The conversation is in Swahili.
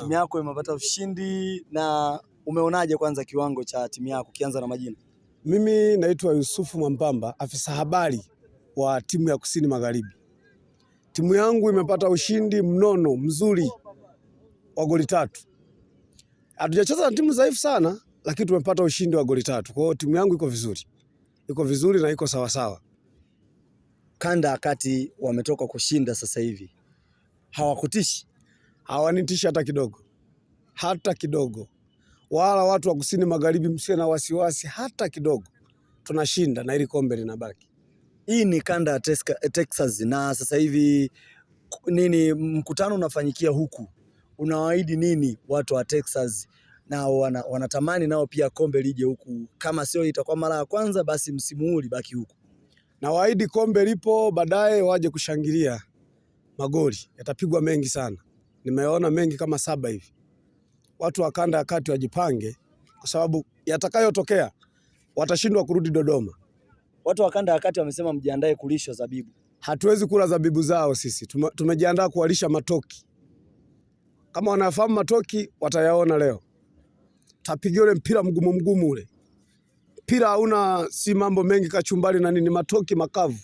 Timu yako imepata ushindi na umeonaje kwanza kiwango cha timu yako kianza na majina? Mimi naitwa Yusufu Mwambamba, afisa habari wa timu ya Kusini Magharibi. Timu yangu imepata ushindi mnono mzuri wa goli tatu. Hatujacheza na timu dhaifu sana, lakini tumepata ushindi wa goli tatu. Kwa hiyo timu yangu iko vizuri, iko vizuri na iko sawasawa. Kanda ya kati wametoka kushinda sasa hivi, hawakutishi? hawanitishi hata kidogo, hata kidogo. Wala watu wa kusini magharibi, msiwe na wasiwasi hata kidogo, tunashinda na ili kombe linabaki. Hii ni kanda ya eh, Texas, na sasa hivi nini mkutano unafanyikia huku, unawaahidi nini watu wa Texas na wana, wanatamani nao pia kombe lije huku, kama sio itakuwa mara ya kwanza, basi msimu huu libaki huku, na kombe lipo, baadaye waje kushangilia. Magoli yatapigwa mengi sana nimeona mengi kama saba hivi. Watu wa kanda ya kati wajipange, kwa sababu yatakayotokea watashindwa kurudi Dodoma. Watu wa kanda ya kati wamesema mjiandae kulisha zabibu. Hatuwezi kula zabibu zao sisi, tumejiandaa kuwalisha matoki. Kama wanafahamu matoki, watayaona leo. Tapiga ule mpira mgumu mgumu ule mpira hauna si mambo mengi, kachumbari na nini, matoki makavu.